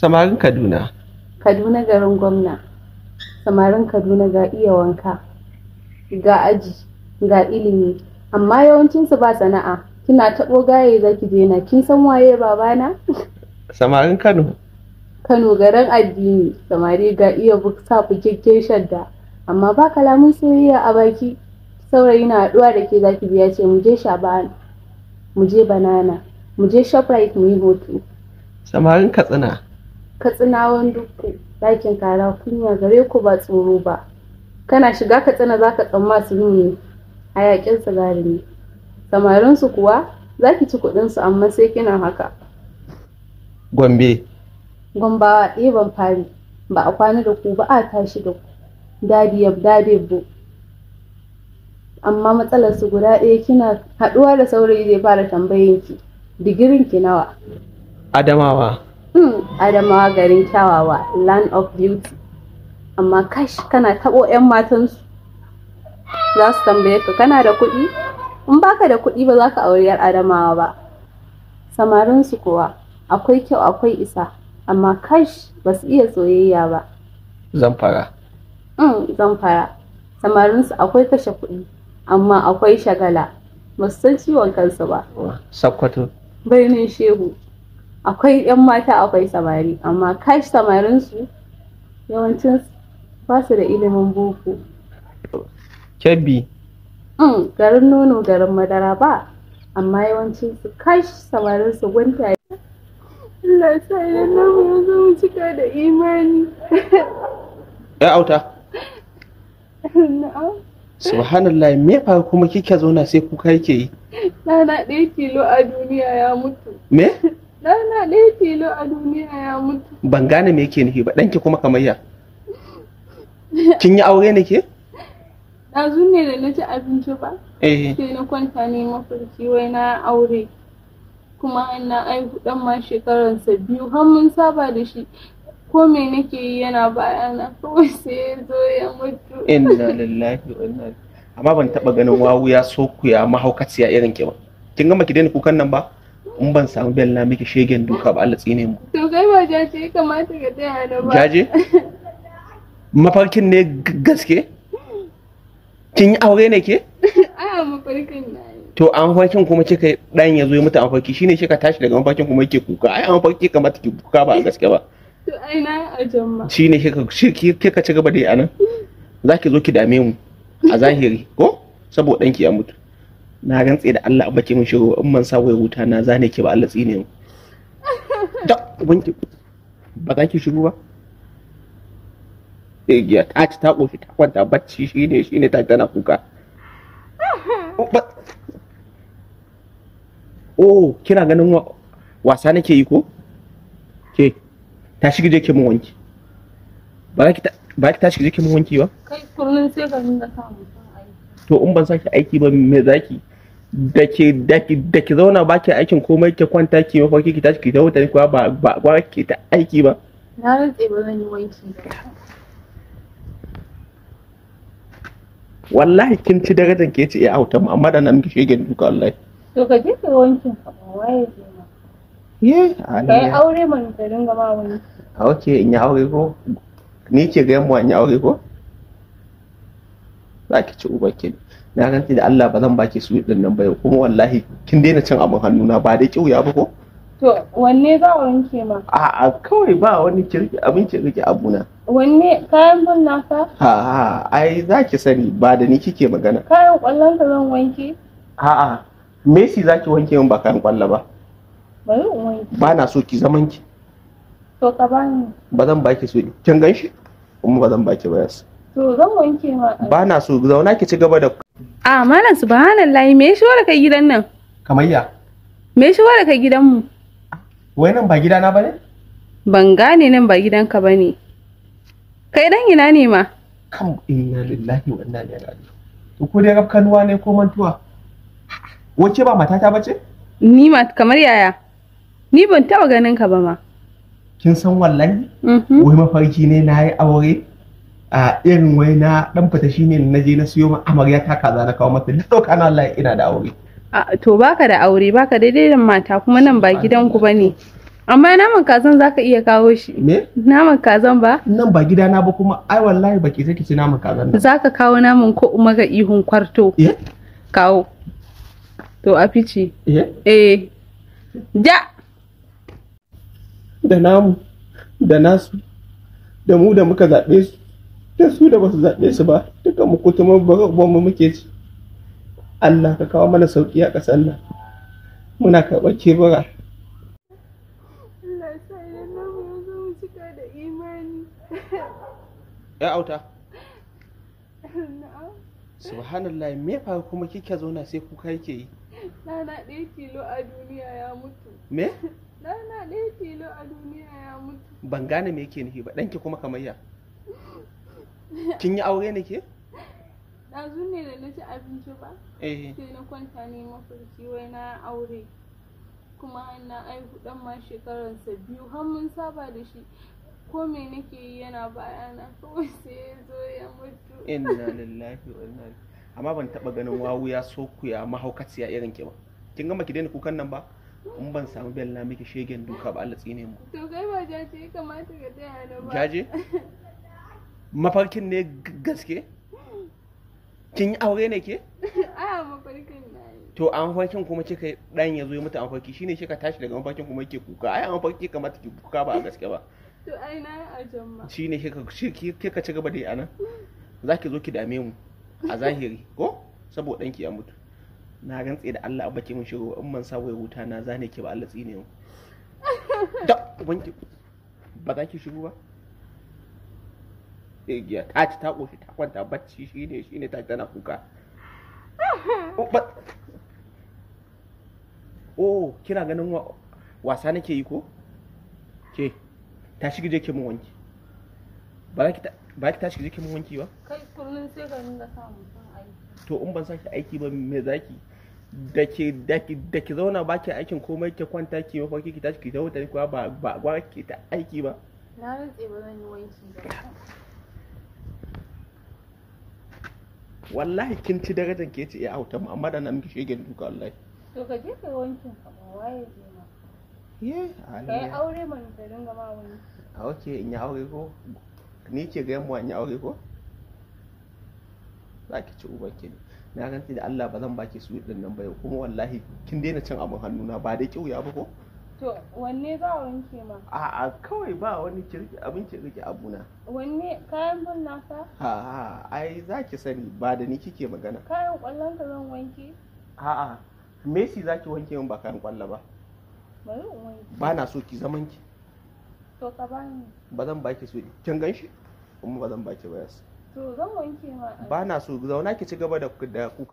Samarin Kaduna. Kaduna garin gwamna. Samarin Kaduna ga iya wanka, ga aji, ga ilimi, amma yawancinsu ba sana'a. Kina taɓo gaye zaki daina, kin san waye babana? Samarin Kano. Kano garin addini, samari ga iya buksa fukikken shadda, amma ba kalamun soyayya a baki. Saurayi na haɗuwa da ke zaki biya ce mu je Shaban, mu je Banana, mu je Shoprite mu yi hoto. Samarin Katsina. katsinawan duku dakin kara kunya gare ku ba tsoro ba kana shiga katsina za ka tsamma su nuni a su sigari ne samarinsu kuwa za ki ci kuɗinsu amma sai kina haka gombe gombawa ɗeban eh, fari ba a kwana da ku ba a tashi da ku dadi ya dadi bu amma matsalar su guda ɗaya kina haɗuwa da saurayi zai fara tambayin Digirinki nawa adamawa Hmm, adamawa garin kyawawa land of beauty amma kash kana taɓo 'yan matansu za su tambaye ka kana da kuɗi in baka da kuɗi ba za ka auri 'yar adamawa ba su kuwa akwai kyau akwai isa amma kash ba su iya soyayya ba zamfara mm, samarin su akwai kashe kuɗi amma akwai shagala ba su san ciwon kansu ba sakkwato birnin shehu akwai 'yan mata akwai samari amma kashi samarinsu yawancin ba su da ilimin boko kebbi mm, garin nono garin madara ba amma yawancin su kashi samarin su guntaye Allah sa idan na mu zo mu cika da imani ya auta na'am subhanallah me fa kuma kike zauna sai kuka yake yi na na ɗaya kilo a duniya ya mutu me Ɗana ɗaya tilo a duniya ya mutu. Ban gane me yake nufi ba ɗanki kuma kamar ya. Kin yi aure ne ke? Ɗazu ne da na ci abinci ba. Eh. Sai na kwanta ne mafarki wai na aure. Kuma na aihu ɗan ma shekaransa biyu har mun saba da shi. Ko me nake yi yana bayana kawai sai ya zo ya mutu. Inna lillahi wa inna Amma ban taɓa ganin wawu ya soku ya mahaukaciya irin ki ba. Kin gama ki daina kukan nan ba? in ban samu bel na miki shegen duka ba Allah tsine mu to kai ba jaje kamata ka taya na ba jaje mafarkin ne gaske kin yi aure ne ke a mafarkin na to a mafarkin kuma kika dan ya zo ya mutu mafarki shine kika tashi daga mafarkin kuma yake kuka ai mafarki farki kamata ki kuka ba gaske ba to ai na a jamma shine kika kika ci gaba da yi anan zaki zo ki dame mu a zahiri ko saboda danki ya mutu na rantse da Allah baki mun shiru in man sa wai wuta na zane ki ba Allah tsine mu da wanki ba za ki shiru ba eh, ya ta ci ta kofi ta kwanta bacci shine shine ta tana kuka oh, oh kina ganin wasa nake yi ko ke ta shiga je ke mun wanki ba za ki ta shiga je ke mun wanki ba kai kullun sai ka nuna ka to in ban saki aiki ba me zaki da ke da ke da ke zauna ba ki aikin komai ki kwanta ki mafarki ki tashi ki ta huta kuwa ba ba ba ki ta aiki ba na rantse ba zan yi wanki wallahi kin ci darajar ke ci ya auta mu amma da nan ki shege duka wallahi to ka je ka wankin ka ba waye ye kai aure man ka dinga ba wani ah, okay in ya aure ko ni ke ga yamma in yi aure ko za ki ci uba ki na rantsi da Allah ba zan baki su din nan ba yau kuma wallahi kin daina cin abin hannuna ba da ya ba ko to wanne za a wanke ma a a kawai ba wani kirki abin rike abuna wanne kayan bunna ka ha ha ai zaki sani ba da ni kike magana kayan kwallon ka zan wanke ha a shi zaki wanke min ba kayan kwalla ba bari in wanke ba na so ki zaman ki to ka bani ba zan baki su kin ganshi kuma ba zan baki ba yas To zan wanke ma. Ba na so zauna ki ci gaba da a malam subhanallah, me ya shigo da kai gidan nan kamayya me ya shigo da kai gidan mu wai nan ba gida na bane ban gane nan ba gidanka bane kai dan ina ne ma kam inna lillahi wa inna ilaihi raji'un ko dai rafkanuwa ne ko mantuwa wace ba matata bace ni ma kamar yaya ni ban taba ganin ka ba ma kin san wallahi mm-hmm. wai mafarki ne na yi aure a irin wai na dan fita shine na je na siyo ma amarya ta kaza na kawo mata dauka kana Allah ina da aure to baka da aure baka daidai da mata kuma nan ba gidan ku bane amma naman kazan zaka iya kawo shi me naman kazan ba nan ba gidana ba kuma ai wallahi baki sai kici naman kazan nan zaka kawo naman ko umma ga ihun kwarto eh? kawo to a fici eh da eh. da namu da nasu da mu da muka zaɓe su da su da basu zaɓe su ba duka mu kutumar mu muke ci Allah ka kawo mana sauƙi a ƙasar nan muna karɓar kebura ya auta subhanallah me faru kuma kika zauna sai kuka yake yi ɗana ɗaya tilo a duniya ya mutu me ɗana ɗaya tilo a duniya ya mutu ban gane me yake nufi ba ɗanki kuma kamayya kin yi aure ne ke ɗazu ne da na ci abinci ba eh. sai na kwanta ne mafarki wai na aure kuma na aihu dan ma shekaransa biyu har mun saba da shi ko me nake yi yana bayana kawai sai ya zo ya mutu inna lillahi wa inna amma ban taba ganin wawu ya ya mahaukaciya irin ki ba kin gama ki daina kukan nan ba in ban samu bella miki shegen duka ba Allah tsine mu to kai ba jaje kamata ka taya na ba jaje mafarkin ne gaske kin yi aure ne ke a mafarkin na to a mafarkin kuma kika dan ya zo mata a mafarki shine kika tashi daga mafarkin kuma kike kuka ai a mafarki kamata ki kuka ba a gaske ba to ai na a jamma shine kika kika ci gaba da yi za zaki zo ki dame mu a zahiri ko saboda danki ya mutu na rantse da Allah a baki mun shiru, in man sabo ya huta na zane ki ba Allah tsine mu ba za ki shigo ba shegiya ta ci ta koshi ta kwanta bacci shi ne ta tana kuka oh, oh kina ganin wasa nake yi ko ke ta shiga je ke mun wanki ba ki ta shiga tashi je ke mun wanki ba kai kullun sai ka dinga samu san aiki to in ban saki aiki ba me zaki da ke da ke da ke zauna ba ki aikin komai ke kwanta ki ba ki tashi ki ta huta ba ba ba ki ta aiki ba na rantse ba zan yi wanki ba wallahi kin ci darajar ke ce ya eh, hauta mu amma da na miki shegen duka wallahi to ka je kai wankin ka waye ma ye kai aure man ka dinga ma wani a oke in ya aure ko ni ke ga yamma in ya aure ko za ki ci uban ki na rantsi da Allah ba zan baki su din nan ba yau kuma wallahi kin daina cin abin hannuna ba da kyau ya ba ko To wanne za a wanke ma? A'a kawai ba wani kirki abin rike abuna. Wanne kayan bin nasa? Ha ha ai za ki sani ba da ni kike magana. Kayan kwallon ka zan wanke? A'a Messi za ki wanke min ba kayan kwallo ba. Bari in wanke. Ba na so ki zaman ki. To ka bani. Ba zan ba ki so kin gan shi? Kuma ba zan ba ki ba yasa. To zan wanke ma. Ba na so zauna ki ci gaba da kuka.